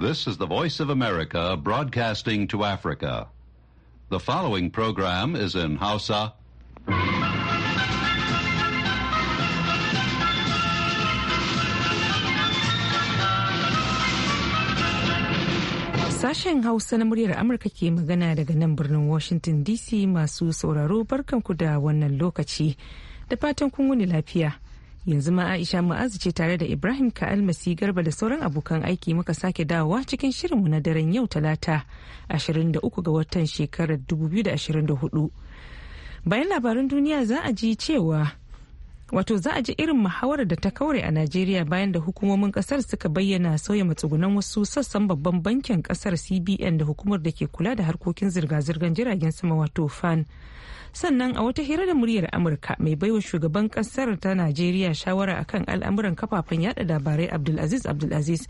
This is the Voice of America broadcasting to Africa. The following program is in Hausa. Sashen Hausa na muryar Amurka ke magana daga nan birnin Washington DC masu sauraro barkanku da wannan lokaci da fatan kun wuni lafiya. yanzu ma aisha ma'azu ce tare da ibrahim ka'al masi garba da sauran abokan aiki muka sake dawowa cikin shirinmu na daren yau talata 23 ga watan shekarar 2024 bayan labaran duniya za a ji cewa wato za a ji irin muhawarar da ta kaure a najeriya bayan da hukumomin kasar suka bayyana sauya matsugunan wasu sassan babban bankin kasar cbn da hukumar da ke kula da harkokin zirga-zirgar jiragen sama wato fan sannan a wata hira da muryar amurka mai baiwa shugaban kasar ta najeriya shawara akan al'amuran kafafen yada labarai abdulaziz abdulaziz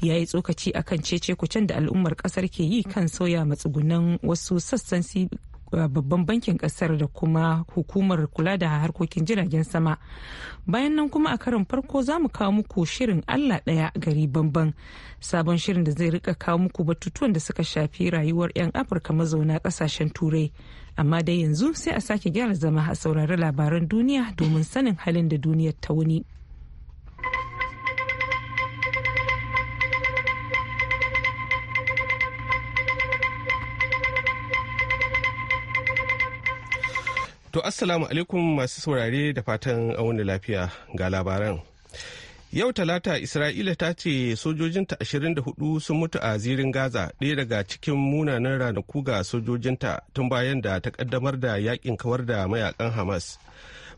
ya yi tsokaci akan cece kucen da al'ummar kasar ke yi kan sauya matsugunan wasu sassan babban bankin kasar da kuma hukumar kula da harkokin jiragen sama bayan nan kuma a karin farko za mu kawo muku shirin allah daya gari banban sabon shirin da zai rika kawo muku batutuwan da suka shafi rayuwar 'yan afirka mazauna kasashen turai amma dai yanzu sai a sake gyara zama a saurari labaran duniya domin sanin halin da duniyar ta wuni. To Assalamu alaikum masu saurare da fatan wani lafiya ga labaran. Yau Talata Isra'ila ta ce sojojinta 24 sun mutu a zirin Gaza ɗaya daga cikin munanan ranaku ga sojojinta tun bayan da ta kaddamar da yakin kawar da mayakan Hamas.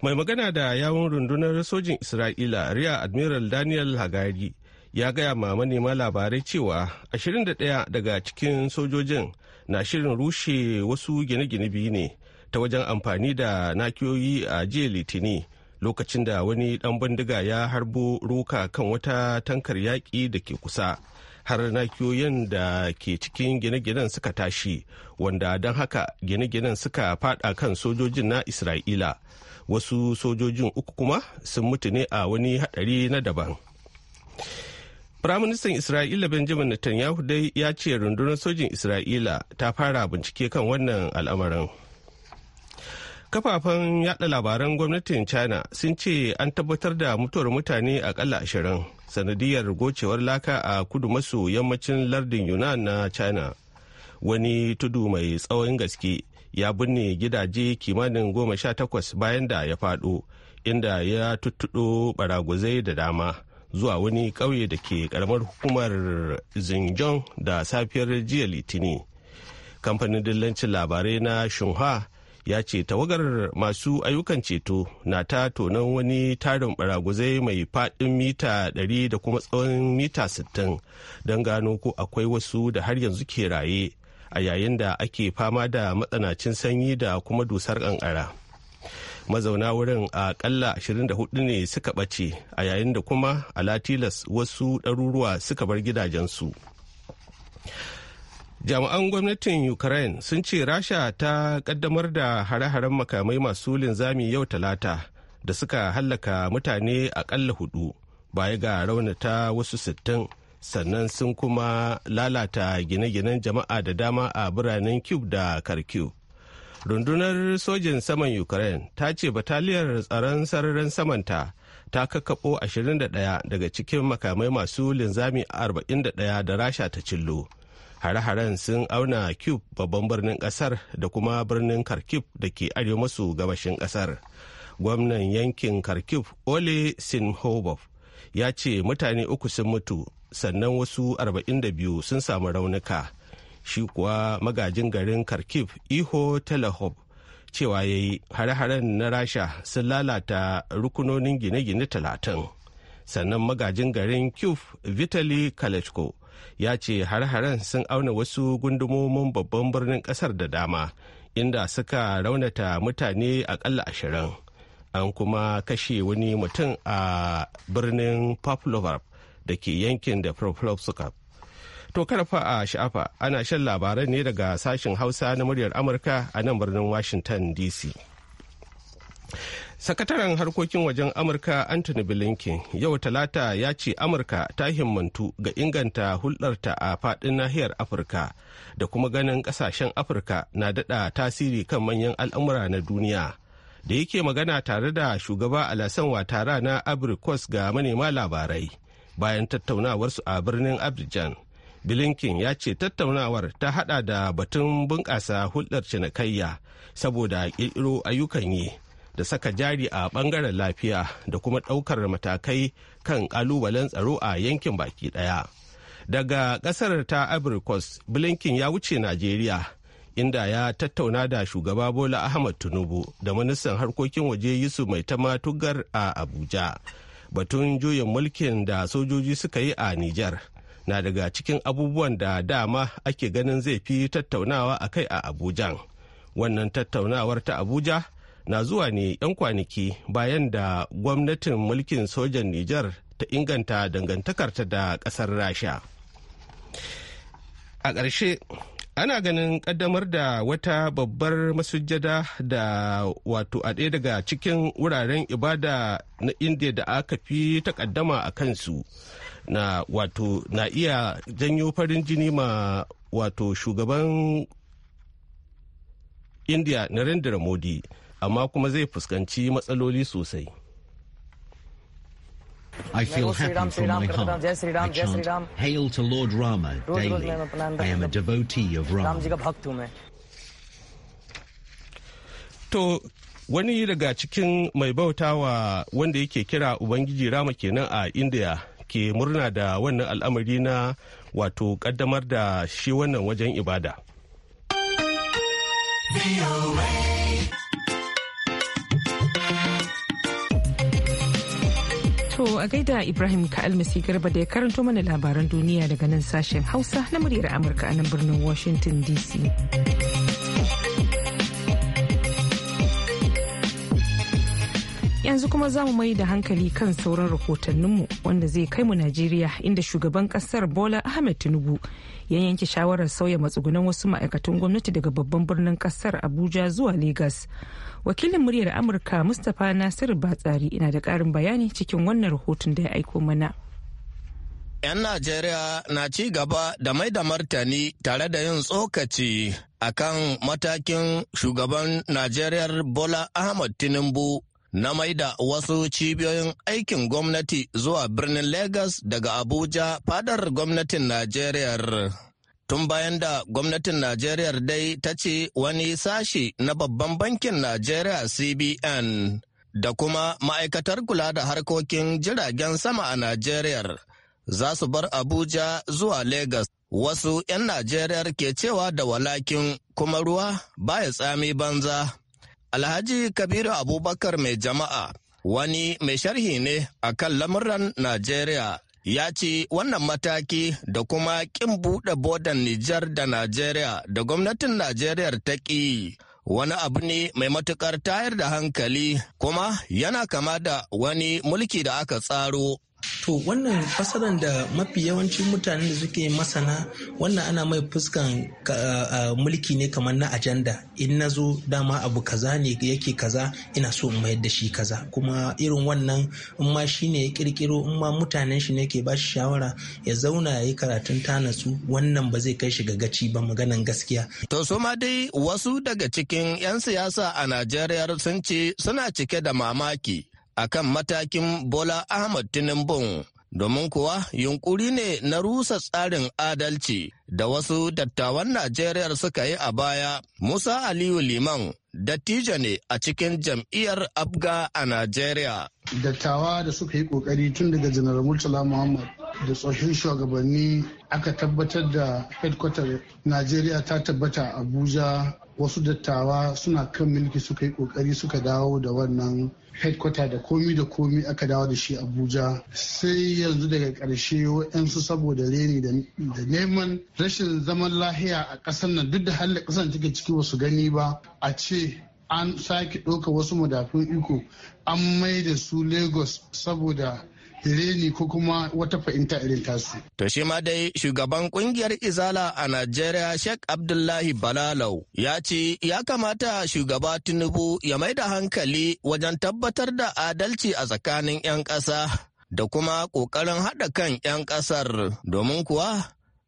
Mai magana da yawun rundunar sojin Isra'ila Riya Admiral Daniel Hagari ya gaya ma manema labarai cewa 21 daga cikin sojojin na shirin rushe wasu gine-gine biyu ne ta wajen amfani da nakiyoyi a jiya Litini. lokacin da wani ɗan bindiga ya harbo ruka kan wata tankar yaƙi da ke kusa har nakiyoyin da ke cikin gine-ginen suka tashi wanda don haka gine-ginen suka fada kan sojojin na isra'ila wasu sojojin uku kuma sun mutu ne a wani hadari na daban Firaministan Isra'ila Benjamin Netanyahu dai ya ce rundunar sojin Isra'ila ta fara bincike kan wannan al'amarin. kafafen yada labaran gwamnatin china sun ce an tabbatar da mutuwar mutane akalla ashirin sanadiyar gocewar laka a kudu maso yammacin lardin yunan na china wani tudu mai tsawon gaske ya binne gidaje kimanin goma sha takwas bayan da ya faɗo inda ya tuttuɗo baraguzai da dama zuwa wani ƙauye da ke karamar hukumar xinjiang da safiyar jiya litini kamfanin dillancin labarai na shunhua ya ce tawagar masu ayyukan ceto na ta tonon wani tarin baraguzai mai fadin mita 100 da kuma tsawon mita 60 don gano ko akwai wasu da har yanzu ke raye a yayin da ake fama da matsanacin sanyi da kuma dusar kankara. mazauna wurin a kalla 24 ne suka ɓace a yayin da kuma a latilas wasu ɗaruruwa suka bar gidajensu jami'an gwamnatin ukraine sun ce rasha ta kaddamar da hare-haren makamai masu linzami yau talata da suka hallaka mutane akalla hudu baya ga raunata wasu sittin sannan sun kuma lalata gine-ginen jama'a da dama a biranen cube da kharkiv rundunar sojin saman ukraine ta ce bataliyar tsaron sararin samanta ta kakkaɓo 21 daga cikin makamai masu linzami 41 da rasha ta cillo hare-haren sun auna kyiv babban birnin kasar da kuma birnin kharkiv da ke arewa maso gabashin kasar gwamnan yankin kharkiv ole sinhobov ya ce mutane uku sun mutu sannan wasu 42 sun samu raunuka shi kuwa magajin garin kharkiv iho telehob cewa ya yi hare-haren na rasha sun lalata rukunonin gine-gine talatin sannan magajin garin kyiv vitali kalechko ya ce har-haren sun auna wasu gundumomin babban birnin kasar da dama inda suka raunata mutane akalla ashirin an kuma kashe wani mutum a birnin poplovar da ke yankin da suka to karfa a sha'afa ana shan labaran ne daga sashen hausa na muryar amurka a nan birnin washington dc Sakataren harkokin wajen Amurka Anthony Blinken yau talata ya ce Amurka ta himmantu ga inganta hulɗarta a faɗin nahiyar Afirka da kuma ganin ƙasashen Afirka na daɗa tasiri kan manyan al'amura na duniya. Da yake magana tare da shugaba Alassane Watara na Abrikos ga manema labarai bayan tattaunawarsu a birnin Abidjan. Blinken ya ce tattaunawar ta haɗa da batun bunƙasa hulɗar cinikayya saboda ƙirƙiro ayyukan yi. da saka jari a bangaren lafiya da kuma daukar matakai kan kalubalen tsaro a yankin baki ɗaya. Daga kasar ta Ivory Coast, Blinken ya wuce Najeriya, inda ya tattauna da shugaba Bola Ahmad Tinubu da ministan harkokin waje Yusuf Mai ta Tugar a Abuja. Batun juyin mulkin da sojoji suka yi a Nijar na daga cikin abubuwan da dama ake ganin zai fi tattaunawa a kai a abuja Wannan tattaunawar ta Abuja na zuwa ne 'yan kwanaki bayan da gwamnatin mulkin sojan Nijar ta inganta dangantakarta da ƙasar Rasha. A ƙarshe, ana ganin ƙaddamar da wata babbar masujada da wato a ɗaya daga cikin wuraren ibada na india da aka fi takaddama a kansu na wato na iya janyo farin jini ma wato shugaban indiya narendra modi amma kuma zai fuskanci matsaloli sosai. I feel happy from my heart. I chant, Hail to Lord Rama daily. I am a devotee of Rama. To, wani daga cikin mai bautawa wanda yake kira Ubangiji Rama kenan a India ke murna da wannan al'amari na wato kaddamar da shi wannan wajen ibada. To a gaida Ibrahim Ka'almasi Garba da ya karanto mana labaran duniya daga nan sashen Hausa na muryar Amurka a nan birnin Washington DC. Yanzu kuma za mu mai da hankali kan sauran rahotanninmu wanda zai kai mu Najeriya inda shugaban kasar Bola Ahmed Tinubu ya yanke shawarar sauya matsugunan wasu ma'aikatan gwamnati daga babban birnin kasar Abuja zuwa Legas. wakilin muryar amurka mustapha nasir batsari ina da karin bayani cikin wannan rahoton da ya aiko mana 'yan Najeriya na ci gaba da mai da martani tare da yin tsokaci akan matakin shugaban Najeriya Bola Ahmad Tinubu na mai da wasu cibiyoyin aikin gwamnati zuwa birnin Legas daga Abuja fadar gwamnatin Najeriya. tun bayan da gwamnatin Najeriya dai ta ce wani sashi na babban bankin Najeriya CBN da kuma ma'aikatar kula da harkokin jiragen sama a Najeriya za su bar Abuja zuwa Legas. Wasu 'yan Najeriya ke cewa da walakin kuma ruwa baya tsami banza. Alhaji Kabiru Abubakar mai jama'a wani mai sharhi ne a kan lamuran Najeriya ya ce wannan mataki da kuma kin buɗe bodan Nijar da Najeriya da gwamnatin Najeriya ta ƙi wani abu ne mai matukar tayar da hankali kuma yana kama da wani mulki da aka tsaro to wannan fasalan da mafi yawancin mutanen da suke masana wannan ana mai fuskan mulki ne kamar na ajanda in na zo dama abu kaza ne yake kaza ina so in mayar da shi kaza kuma irin wannan in ma shi ne ya kirkiro in ma mutanen shi ne ke ba shi shawara ya zauna ya yi karatun tanasu wannan ba zai kai shi ga gaci ba maganan gaskiya. to su ma dai wasu daga cikin 'yan siyasa a najeriya sun ce suna cike da mamaki akan matakin Bola Ahmad Tinubu domin kuwa yunkuri ne na rusa tsarin adalci da wasu dattawan Najeriya suka yi a baya. Musa Aliyu Liman dattijo ne a cikin jam'iyyar Abga a Najeriya. Dattawa da suka yi kokari tun daga Janar Murtala Muhammad da tsohon shugabanni aka tabbatar da headquarter Najeriya ta tabbata Abuja wasu dattawa suna kan mulki suka yi kokari suka dawo da wannan headquarter da komi da komi aka dawo da shi abuja sai yanzu daga ƙarshe wa'yansu saboda reni da neman rashin zaman lahiya a ƙasar nan duk da halin ƙasar take ciki wasu gani ba a ce an sake ɗauka wasu madafin iko an mai da su lagos saboda reni ko kuma wata fahimta irin tasu. To shi ma dai shugaban kungiyar Izala a Najeriya Sheikh Abdullahi Balalau ya ce ya kamata shugaba Tinubu ya mai da hankali wajen tabbatar da adalci a tsakanin 'yan ƙasa da kuma ƙoƙarin haɗa kan 'yan ƙasar domin kuwa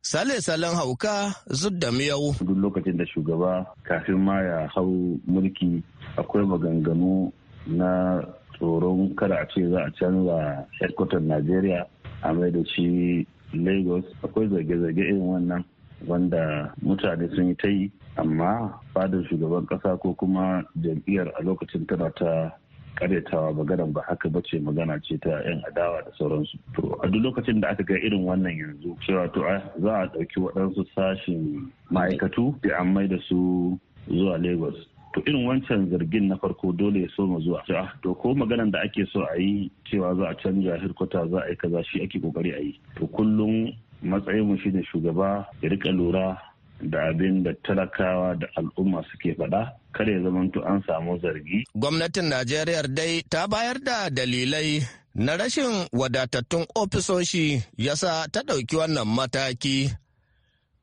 Sale Salen Hauka zud da miyau. Duk lokacin da shugaba kafin ma ya hau mulki akwai maganganu na tsoron kada a ce za a canza headquarter najeriya a mai da shi lagos akwai zage-zage irin wannan wanda mutane sun yi ta yi amma fadar shugaban kasa ko kuma jam'iyyar a lokacin tana ta karyatawa maganan ba haka ba ce magana ce ta yan adawa da sauransu to a duk lokacin da aka ga irin wannan yanzu cewa to za a ɗauki waɗansu sashen ma'aikatu da an mai da su zuwa lagos to irin wancan zargin na farko dole ya so mu zuwa ah, to ko maganan da ake so a yi cewa za a canja hirkota za a yi kaza shi ake kokari a yi to kullum matsayinmu shine shugaba ya rika lura da abin da talakawa da al'umma suke faɗa kada ya zamanto an samu zargi. Gwamnatin Najeriya dai ta bayar da dalilai na rashin wadatattun ofisoshi yasa ta ɗauki wannan mataki.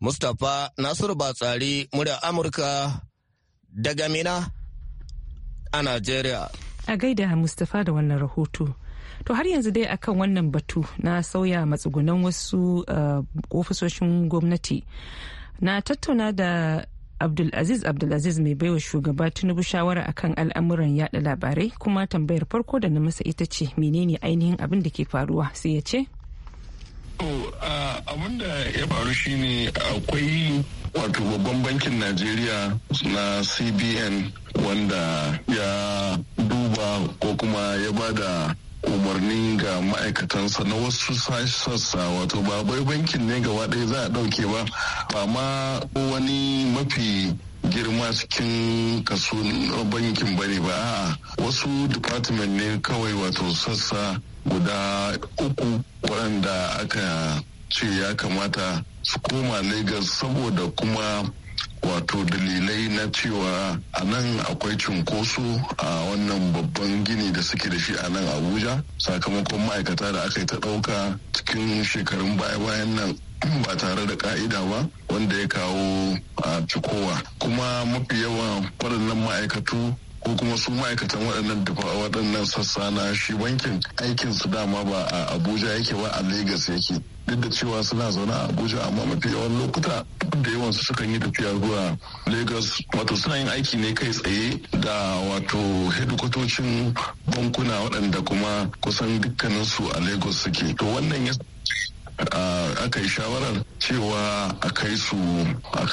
Mustapha Nasiru Batsari, murya Amurka daga Mina a Najeriya. A gaida Mustapha da wannan rahoto. To har yanzu dai akan wannan batu na sauya matsugunan wasu uh, ofisoshin gwamnati. Na tattauna da Abdulaziz Abdulaziz mai baiwa shugaba Tinubu shawara akan al'amuran yada labarai kuma tambayar farko da na masa ita ce menene ainihin abin da ke faruwa sai ya ce. abin da ya faru shine akwai wato babban bankin Najeriya na CBN wanda ya duba ko kuma ya ba da umarni ga ma'aikatansa na wasu sassa wato ba bai bankin ne gaba ɗaya za a ɗauke ba ba ma wani mafi girma cikin kaso bankin bane ba a wasu department ne kawai wato sassa guda uku waɗanda aka ce ya kamata su koma Legas saboda kuma wato dalilai na cewa a nan akwai cunkoso a wannan babban gini da suke da shi a nan abuja sakamakon ma'aikata da aka yi ta ɗauka cikin shekarun baya-bayan nan ba tare da ka'ida ba wanda ya kawo a cikowa kuma mafi yawan waɗannan ma'aikatu ko kuma su ma'aikatan waɗannan waɗannan sassa na shi bankin aikin su dama ba a abuja yake ba a lagos yake duk da cewa suna zaune a abuja amma mafi yawan lokuta da yawansu sukan yi tafiya zuwa lagos wato suna yin aiki ne kai tsaye da wato hedikwatocin bankuna waɗanda kuma kusan dukkaninsu a lagos suke to wannan ya aka yi shawarar cewa a kai su a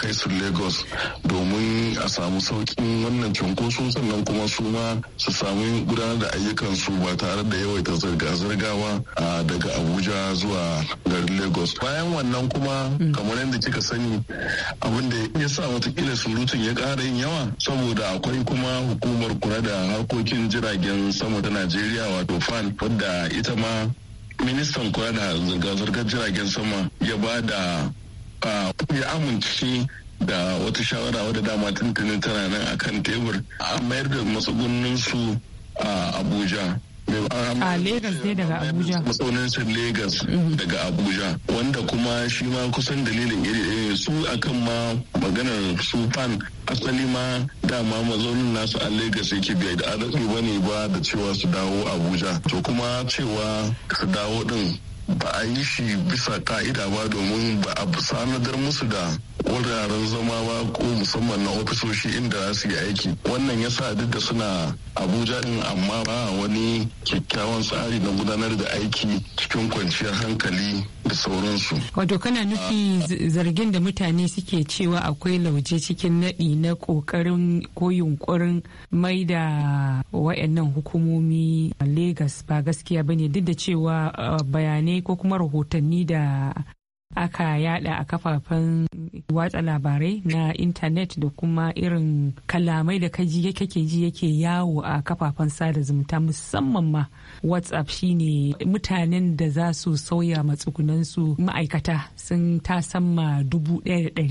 lagos domin a samu saukin wannan cunkoson sannan kuma su ma su samu gudanar da ayyukansu ba tare da yawaita zirga-zirgawa daga abuja zuwa garin lagos bayan wannan kuma mm. kamar yadda kika sani abinda da ya sa watakila surutun ya ƙara yin yawa saboda akwai kuma hukumar kula da harkokin jiragen sama ta najeriya wato fan wadda ita ma ministan kula da zirga-zirgar jiragen sama ya ba da ya amince da wata shawara wadda dama tuntunin tana nan kan tebur a mayar da matsugunin a abuja a Legas daga Abuja Legas mhm. daga Abuja wanda kuma shi ma kusan dalilin iri su akan ma maganar su fan asali ma dama mazaunin nasu a Legas yake bai da ba ne ba da cewa su dawo Abuja to kuma cewa su dawo din ba a yi shi bisa ka'ida ba domin ba a sanadar musu da wuraren zama ba ko musamman na ofisoshi inda za su yi aiki wannan ya sa duk da suna abuja din amma ba wani kyakkyawan tsari na gudanar da aiki cikin kwanciyar hankali da sauransu wato kana nufi zargin da mutane suke cewa akwai lauje cikin naɗi na ƙoƙarin ko yunƙurin mai da wa'annan hukumomi a Legas ba gaskiya bane duk da cewa uh, bayanai ko kuma rahotanni da aka yada a kafafen watsa labarai na intanet da kuma irin kalamai da kaji yake ji yake yawo a kafafen sada zumunta musamman ma whatsapp shine mutanen da za su sauya matsugunansu ma'aikata sun ta sama dubu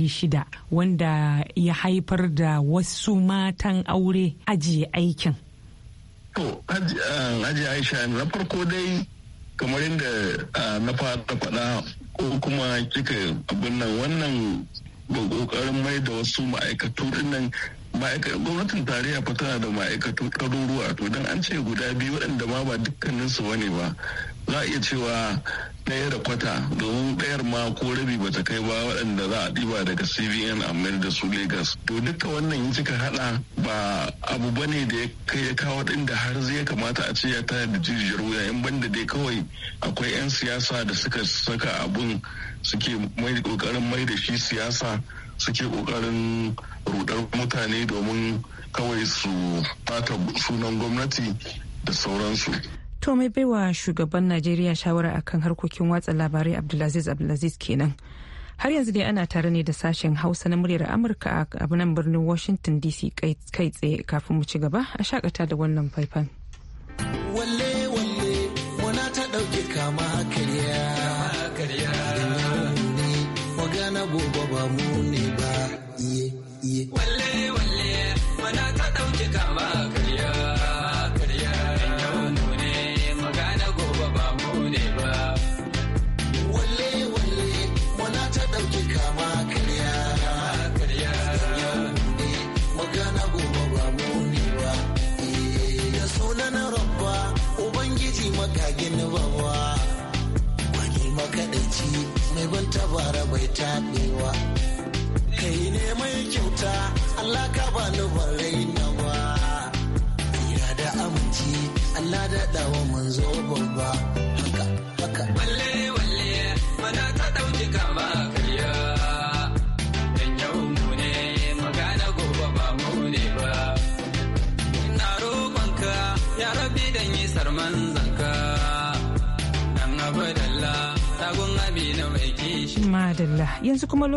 shida wanda ya haifar da wasu matan aure ajiye aikin aji eh, Aisha, na farko dai kamar yadda eh, na fara faɗa ko kuma kika abin nan wannan ga kokarin mai da wasu ma'aikatu nan gwamnatin tarayya fa tana da ma'aikatu ɗaruruwa to don an ce guda biyu waɗanda ma ba dukkanin su bane ba za a iya cewa ɗaya da kwata domin ɗayar ma ko rabi ba ta kai ba waɗanda za a ɗiba daga cbn a mayar da su lagos to duka wannan yin cika haɗa ba abu ba ne da ya kai ya kawo ɗin da har zai kamata a ce ya tare da jijiyar wuya yan banda dai kawai akwai 'yan siyasa da suka saka abun suke kokarin mai da shi siyasa suke kokarin rudar mutane domin kawai su bata sunan gwamnati da sauransu to mai baiwa shugaban najeriya shawara akan harkokin watsa labarai abdulaziz abdulaziz kenan har yanzu dai ana tare ne da sashen hausa na muryar amurka a nan birnin washington dc kai tsaye kafin mu ci gaba a shakata da wannan faifan.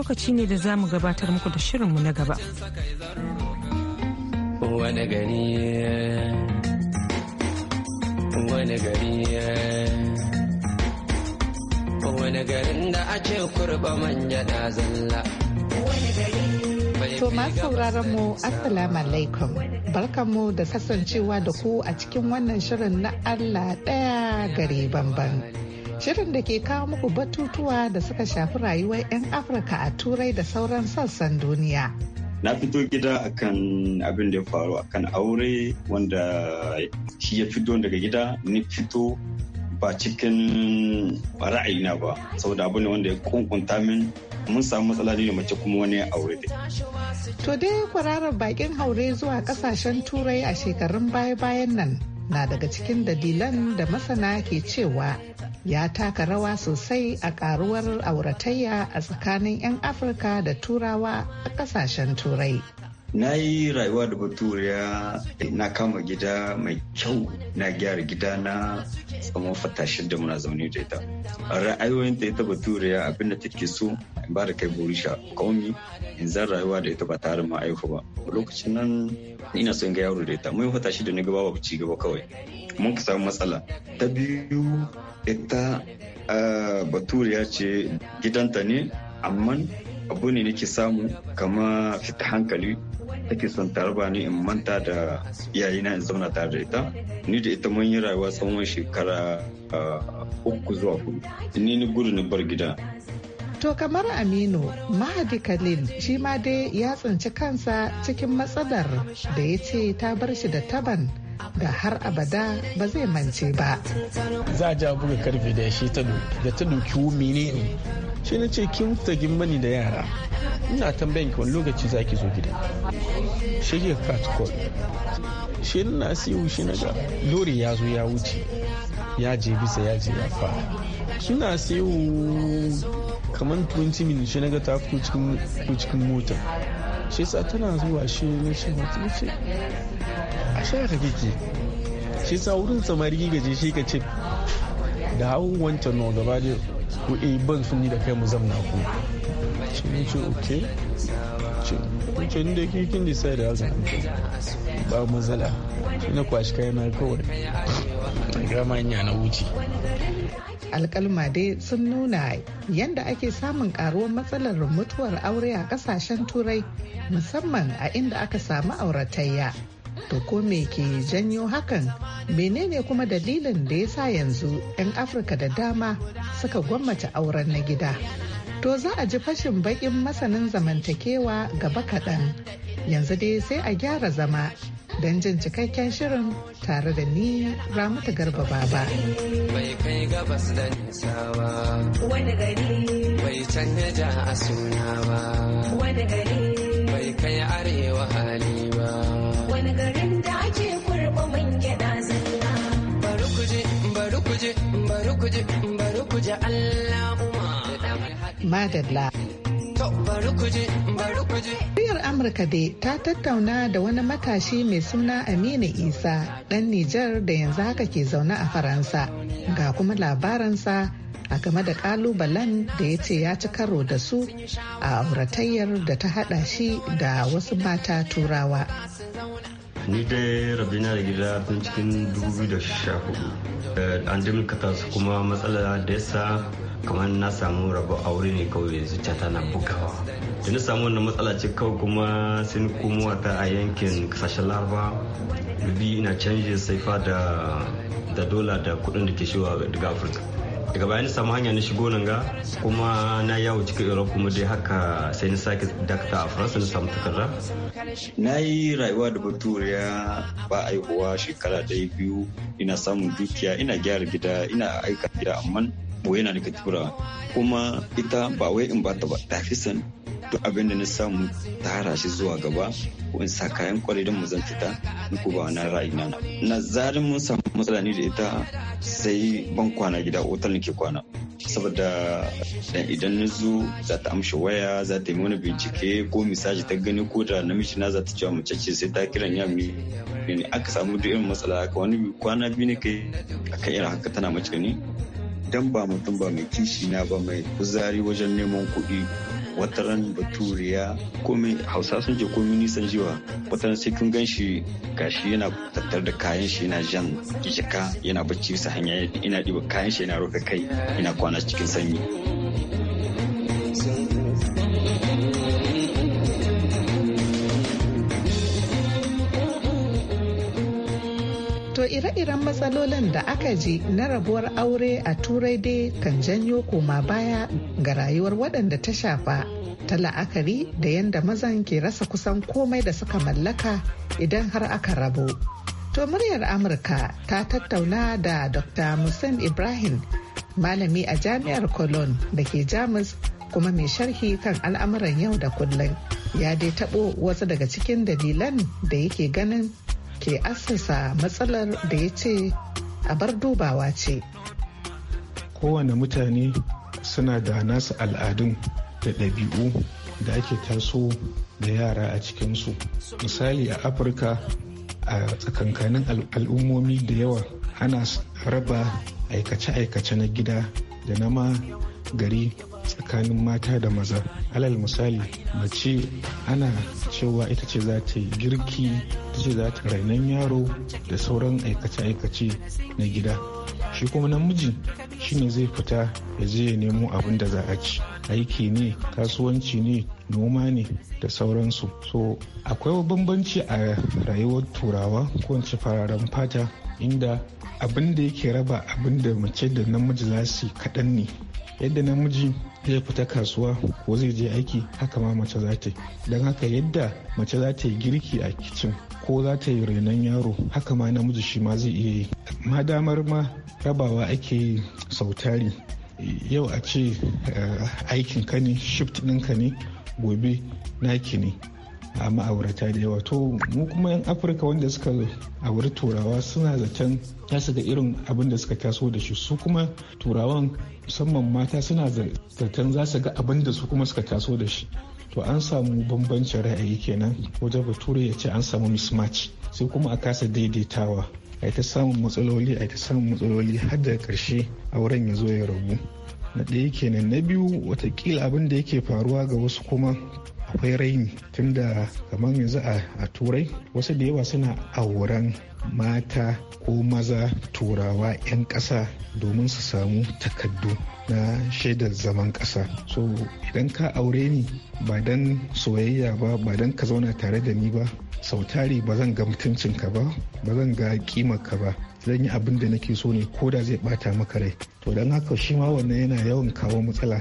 lokaci ne da za mu gabatar muku da shirinmu na gaba. Wani gari wani gari garin da ake kurba na zalla. To ma sauraron mu Assalamu alaikum. Barkanmu da kasancewa da ku a cikin wannan shirin na Allah ɗaya gare bamban. Shirin da ke kawo muku batutuwa da suka shafi rayuwar 'yan Afirka a Turai da sauran sassan duniya. na fito gida akan abin da ya faru kan aure wanda shi ya fito daga gida ni fito ba cikin ra'ayina ba saboda abu ne wanda ya kunkunta min mun samu matsala ne mace kuma wani aure da. To dai kwararar bakin haure zuwa kasashen turai a shekarun baya-bayan nan na daga cikin dalilan da masana ke cewa ya taka rawa sosai a karuwar auratayya a tsakanin 'yan afirka da turawa a kasashen turai na yi rayuwa da baturiya na kama gida mai kyau na gyara gida na tsamon fatashin da muna zaune da ita ra'ayoyin ta ita baturiya abinda take so ba da kai burisha kauni in zan rayuwa da ita ba tare ma aiko ba lokacin nan ina son ga yaro da ita mun wata shi da ni gaba ba ci gaba kawai mun ka samu matsala ta biyu ita baturiya ce gidanta ne amma abu ne nake samu kama fita hankali take son taraba ne in manta da iyayena in zauna tare da ita ni da ita mun yi rayuwa tsawon shekara uku zuwa hudu ni ni gudu ni bar gida To kamar Aminu, Mahadi Khalil shi ma dai ya tsinci kansa cikin matsalar da ya ce ta bar shi da taban da har abada ba zai mance ba. Za a ja buga karfe da shi ta da ta duki wumi ne ne. Shi na ce kin tagin mani da yara. Ina tambayin ki wani lokaci za ki zo gida. Shi ke cat call. Shi na siyu shi na ga lori ya zo ya wuce. Ya je bisa ya je ya fara. Suna siyu kamar 20 minutes shi ga ta fito cikin mota shi sa tana zuwa shi ne shi mata ce a shaka kake shi sa wurin samari gaje shi ka ce da hawan wancan no gaba da ku eh ban sun ni da kai mu zamna ku shi ne ce okay ce ni da kikin da sai da haka ba mazala. shi na kwashi kayan na kawai gama na wuce alkalma dai sun nuna yadda ake samun karuwar matsalar mutuwar aure a kasashen turai musamman a inda aka samu auratayya to ko me ke janyo hakan menene kuma dalilin da ya sa yanzu 'yan afirka da dama suka gwammata auren na gida to za a ji fashin bakin masanin zamantakewa gaba kaɗan yanzu dai sai a gyara zama don jin cikakken shirin tare da ni ramata garba baba. Bai kai gabas da nisa ba, wani gari bai canja a suna ba, wani gari bai kai arewa hali ba, wani garin da ake kurba man gyaɗa zalla. Bari kuje, bari kuje, bari kuje, bari kuje Allah Madalla. Muryar Amurka dai ta tattauna da wani matashi mai suna Aminu Isa ɗan Nijar da yanzu haka ke zaune a Faransa ga kuma labaransa a game da kalubalen da ya ce ya ci karo da su a auratayyar da ta hada shi da wasu mata turawa. ni dai rabina da gida tun cikin 2014 eh, an su kuma matsala da yasa kamar na samu rabo aure ne kawai yanzu zuciya tana bugawa da na samu wannan matsala ce kawai kuma sun komowa ta a yankin kasashen laraba rubi ina canjin saifa da da dola da kudin da ke shiwa daga afirka daga bayan samu hanya na shigo nan ga kuma na yawo cikin europe kuma dai haka sai na sake dakta a faransa na samu takarda na yi rayuwa da baturiya ba aihuwa shekara ɗaya biyu ina samun dukiya ina gyara gida ina aika gida amma boye na nika turawa kuma ita ba wai in bata ba tafi san duk abin da na samu tara shi zuwa gaba ko in sa kayan kwarai don mu zan fita in ko ba wannan ra'ayi na na zarin mun samu matsala ni da ita sai ban kwana gida otal nake kwana saboda dan idan na zo za ta amshi waya za ta yi mana bincike ko misaji ta gani ko da namiji na za ta cewa mace ce sai ta kiran ya mi aka samu duk irin matsala haka wani kwana biyu ne kai aka irin haka tana mace ne idan ba mutum ba mai kishi na ba mai kuzari wajen neman kuɗi wataran baturiya mai hausa sun je mai nisan jiwa wataran sai kun gan shi gashi yana tattar da kayan shi yana jan jika yana bacci bisa hanya yana ɗiba kayan shi yana roka kai yana kwana cikin sanyi. To ire-iren matsalolin da aka ji na rabuwar aure a turai dai kan janyo koma baya ga rayuwar waɗanda ta shafa ta la'akari da yadda mazan ke rasa kusan komai da suka mallaka idan har aka rabu. To muryar Amurka ta tattauna da Dr. Musin Ibrahim malami a jami'ar Cologne da ke Jamus kuma mai sharhi kan al'amuran yau da kullum. ya dai taɓo wasu daga cikin dalilan da yake ganin ke assasa matsalar da ya ce a bar dubawa ce. Kowane mutane suna da nasu al'adun da ɗabi'u da ake taso da yara a cikinsu. Misali a Afirka a tsakankanin al'ummomi da yawa ana raba aikace-aikace na gida da na ma gari tsakanin mata da maza alal misali mace ana cewa ita ce za ta yi girki ita ce za ta rainon yaro da sauran aikace-aikace na gida shi kuma namiji shine zai fita ya je ya nemo abin da za a ci aiki ne kasuwanci ne noma ne da sauransu so akwai bambanci a rayuwar turawa kowace fararen fata inda abin da yake raba abin da mace da namiji za su kaɗan ne yadda namiji zai fita kasuwa ko zai je aiki haka ma mace za ta yi don haka yadda mace za ta yi girki a kicin ko za ta yi renon yaro haka ma namiji shi ma zai iya yi ma damar ma rabawa ake sautari yau a ce eh, aikin ka ne shift ɗinka ne gobe naki ne a ma'aurata da yawa to mu kuma yan afirka wanda suka auri turawa suna zaton tasa da irin abin da suka taso da shi su kuma turawan musamman mata suna zaton za su ga abin da su kuma suka taso da shi to an samu bambancin ra'ayi kenan wajen bature ya ce an samu mismatch sai kuma a kasa daidaitawa a ta samun matsaloli a ta samun matsaloli har da ƙarshe auren ya zo ya rabu na ɗaya kenan na biyu watakila abin da yake faruwa ga wasu kuma akwai raini tunda kamar yanzu a turai wasu da yawa suna auren mata ko maza turawa 'yan ƙasa domin su samu takaddu na shaidar zaman ƙasa so idan ka aure ni ba don soyayya ba ba don ka zauna tare da ni ba sautari ba zan ga mutuncinka ba ba zan ga kimarka ba zan yi abin da nake so ne ko da zai bata maka rai to don haka shi ma wannan yana yawan kawo matsala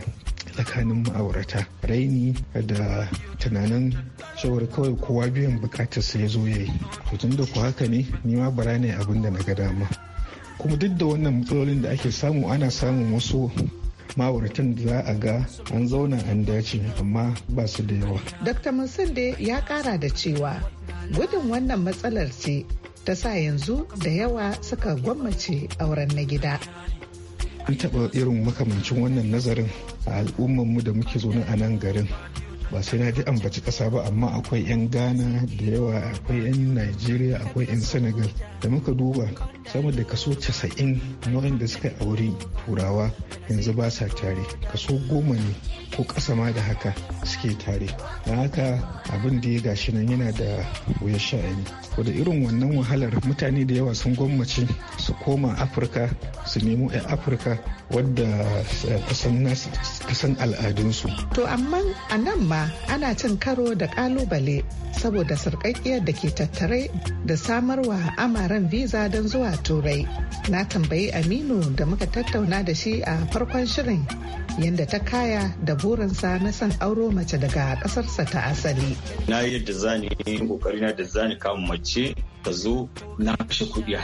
tsakanin ma'aurata raini da tunanin cewar kawai kowa biyan bukatar sa ya zo ya yi tun da ku haka ne ni ma bara ne abin da na ga dama kuma duk da wannan matsalolin da ake samu ana samun wasu ma'auratan da za a ga an zauna an dace amma ba su da yawa. Dr. Mansande ya kara da cewa gudun wannan matsalar ce ta sa yanzu da yawa suka gwammace auren na gida. An taɓa irin makamancin wannan nazarin a al'ummanmu da muke zaune a nan garin ba sai na ji ambaci kasa ba amma akwai 'yan ghana da yawa akwai 'yan nigeria akwai 'yan senegal da muka duba sama da kaso 90 nau'in da suka auri turawa yanzu ba sa tare kaso goma ne ko kasa ma da haka suke tare don haka abin da ya gashi nan yana da wuyar sha'ani da irin wannan wahalar mutane da yawa sun gwammace su koma afirka su nemo 'yan afirka wadda kasan eh, al'adunsu to amma a nan ma ana cin karo da kalubale saboda sarkakkiyar da ke tattare da samarwa amaren visa don zuwa turai na tambayi aminu da muka tattauna da shi a farkon shirin yadda ta kaya da burinsa na san auro mace daga kasarsa ta asali na yi yadda zani kokari na da zani kama mace ta zo na kashe kuɗi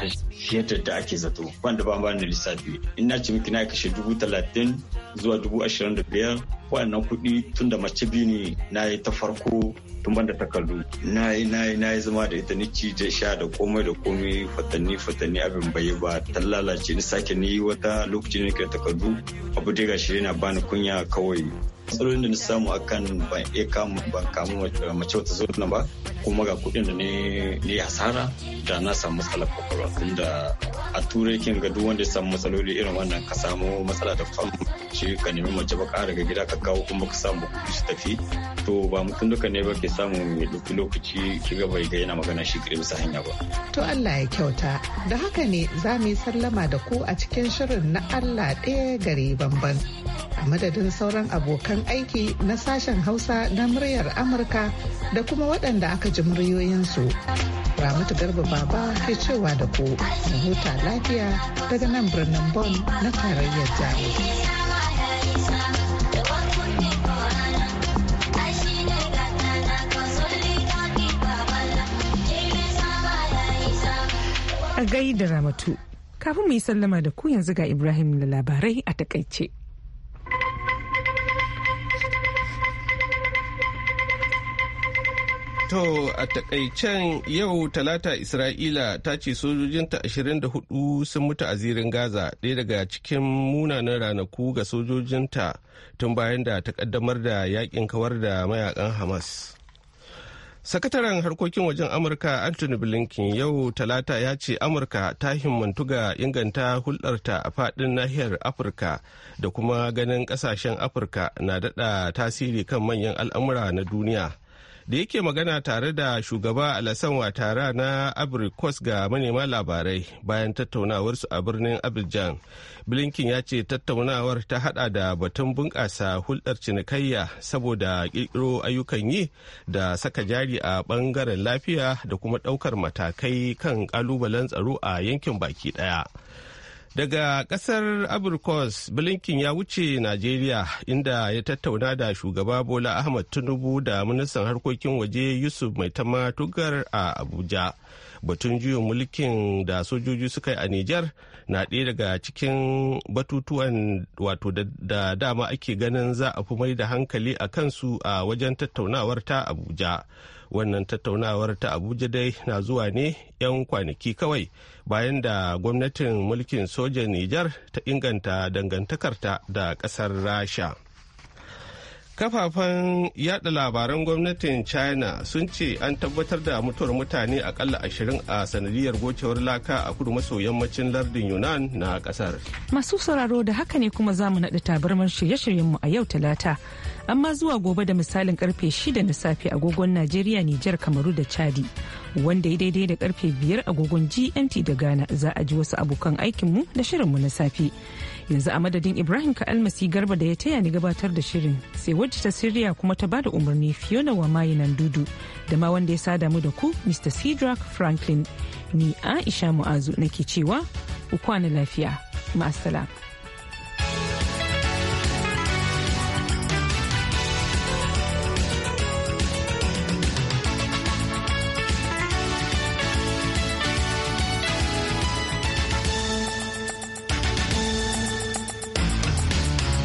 yadda da ake zato wanda ba ba da lissafi in na ce miki na kashe dubu talatin zuwa dubu ashirin da biyar wayannan kuɗi tun da mace biyu ne na yi ta farko tun banda takardu na yi na yi na yi zama da ita ni ci da sha da komai da komai fatanni fatanni abin bai ba ta lalace ni sake ni wata lokacin ne takardu abu dai gashi yana bani kunya kawai tsarorin da na samu akan ban iya ban kamu mace wata zuwa ba kuma ga kuɗin da ne hasara da na samu matsalar kwakwalwa tunda a turai kin ga duk wanda ya samu matsaloli irin wannan ka samu matsala da fam shi ka nemi mace baka daga gida ka kawo kuma ka samu kuɗi su tafi to ba mutum duka ne ba ke samu mai ɗauki lokaci ki ga bai ga yana magana shi kire bisa hanya ba. To Allah ya kyauta da haka ne za mu yi sallama da ku a cikin shirin na Allah ɗaya gari banban a madadin sauran abokan abokan aiki na sashen Hausa na muryar Amurka da kuma waɗanda aka ji muryoyinsu. Ramatu Garba Baba ke cewa da ku mu huta lafiya daga nan birnin Bon na tarayyar jami a da ramatu kafin mu yi sallama da ku yanzu ga ibrahim da labarai a takaice. To a takaicen yau talata Isra'ila ta ce sojojinta 24 sun mutu a zirin Gaza ɗaya daga cikin munanan ranaku ga sojojinta tun bayan da ta kaddamar da yakin kawar da mayakan Hamas. Sakataren harkokin wajen Amurka Anthony Blinken yau talata ya ce Amurka ta himmantu ga inganta hulɗarta a faɗin nahiyar Afirka da kuma ganin ƙasashen Afirka na daɗa tasiri kan manyan al'amura na duniya. da yake magana tare da shugaba alasan watara na abrikos ga manema labarai bayan tattaunawarsu a birnin abidjan blinken ya ce tattaunawar ta hada da batun bunƙasa hulɗar cinikayya saboda ƙirƙiro ayyukan yi da saka jari a ɓangaren lafiya da kuma ɗaukar matakai kan ƙalubalen tsaro a yankin baki ɗaya Daga ƙasar Abrikos, Blinken ya wuce Najeriya inda ya tattauna da shugaba Bola Ahmad Tinubu da ministan harkokin waje Yusuf Mai Tugar a Abuja. Batun juyin mulkin da sojoji suka yi a Nijar na ɗaya daga cikin batutuwan wato da dama ake ganin za a fi mai da hankali a kansu a wajen tattaunawar ta Abuja. wannan tattaunawar ta abuja dai na zuwa ne 'yan kwanaki kawai bayan da gwamnatin mulkin sojan nijar ta inganta dangantakarta da kasar rasha kafafen yada labaran gwamnatin china sun ce an tabbatar da mutuwar mutane akalla ashirin a sanadiyar gocewar laka a kudu maso yammacin lardin yunan na kasar masu sauraro da haka ne kuma zamu naɗa tabarmar shirye-shiryenmu a yau talata amma zuwa gobe da misalin karfe 6 na safe agogon Najeriya Nijar Kamaru da Chadi wanda ya daidai da karfe 5 agogon GMT da Ghana za a ji wasu abokan aikinmu da shirinmu na safe. Yanzu a madadin Ibrahim Ka'almasi Garba da ya taya ni gabatar da shirin sai wacce ta sirriya kuma ta bada umarni Fiona wa mayinan dudu da ma wanda ya sada mu da ku Mr. Cedric Franklin ni Aisha Mu'azu nake cewa ku kwana lafiya. Ma'asala.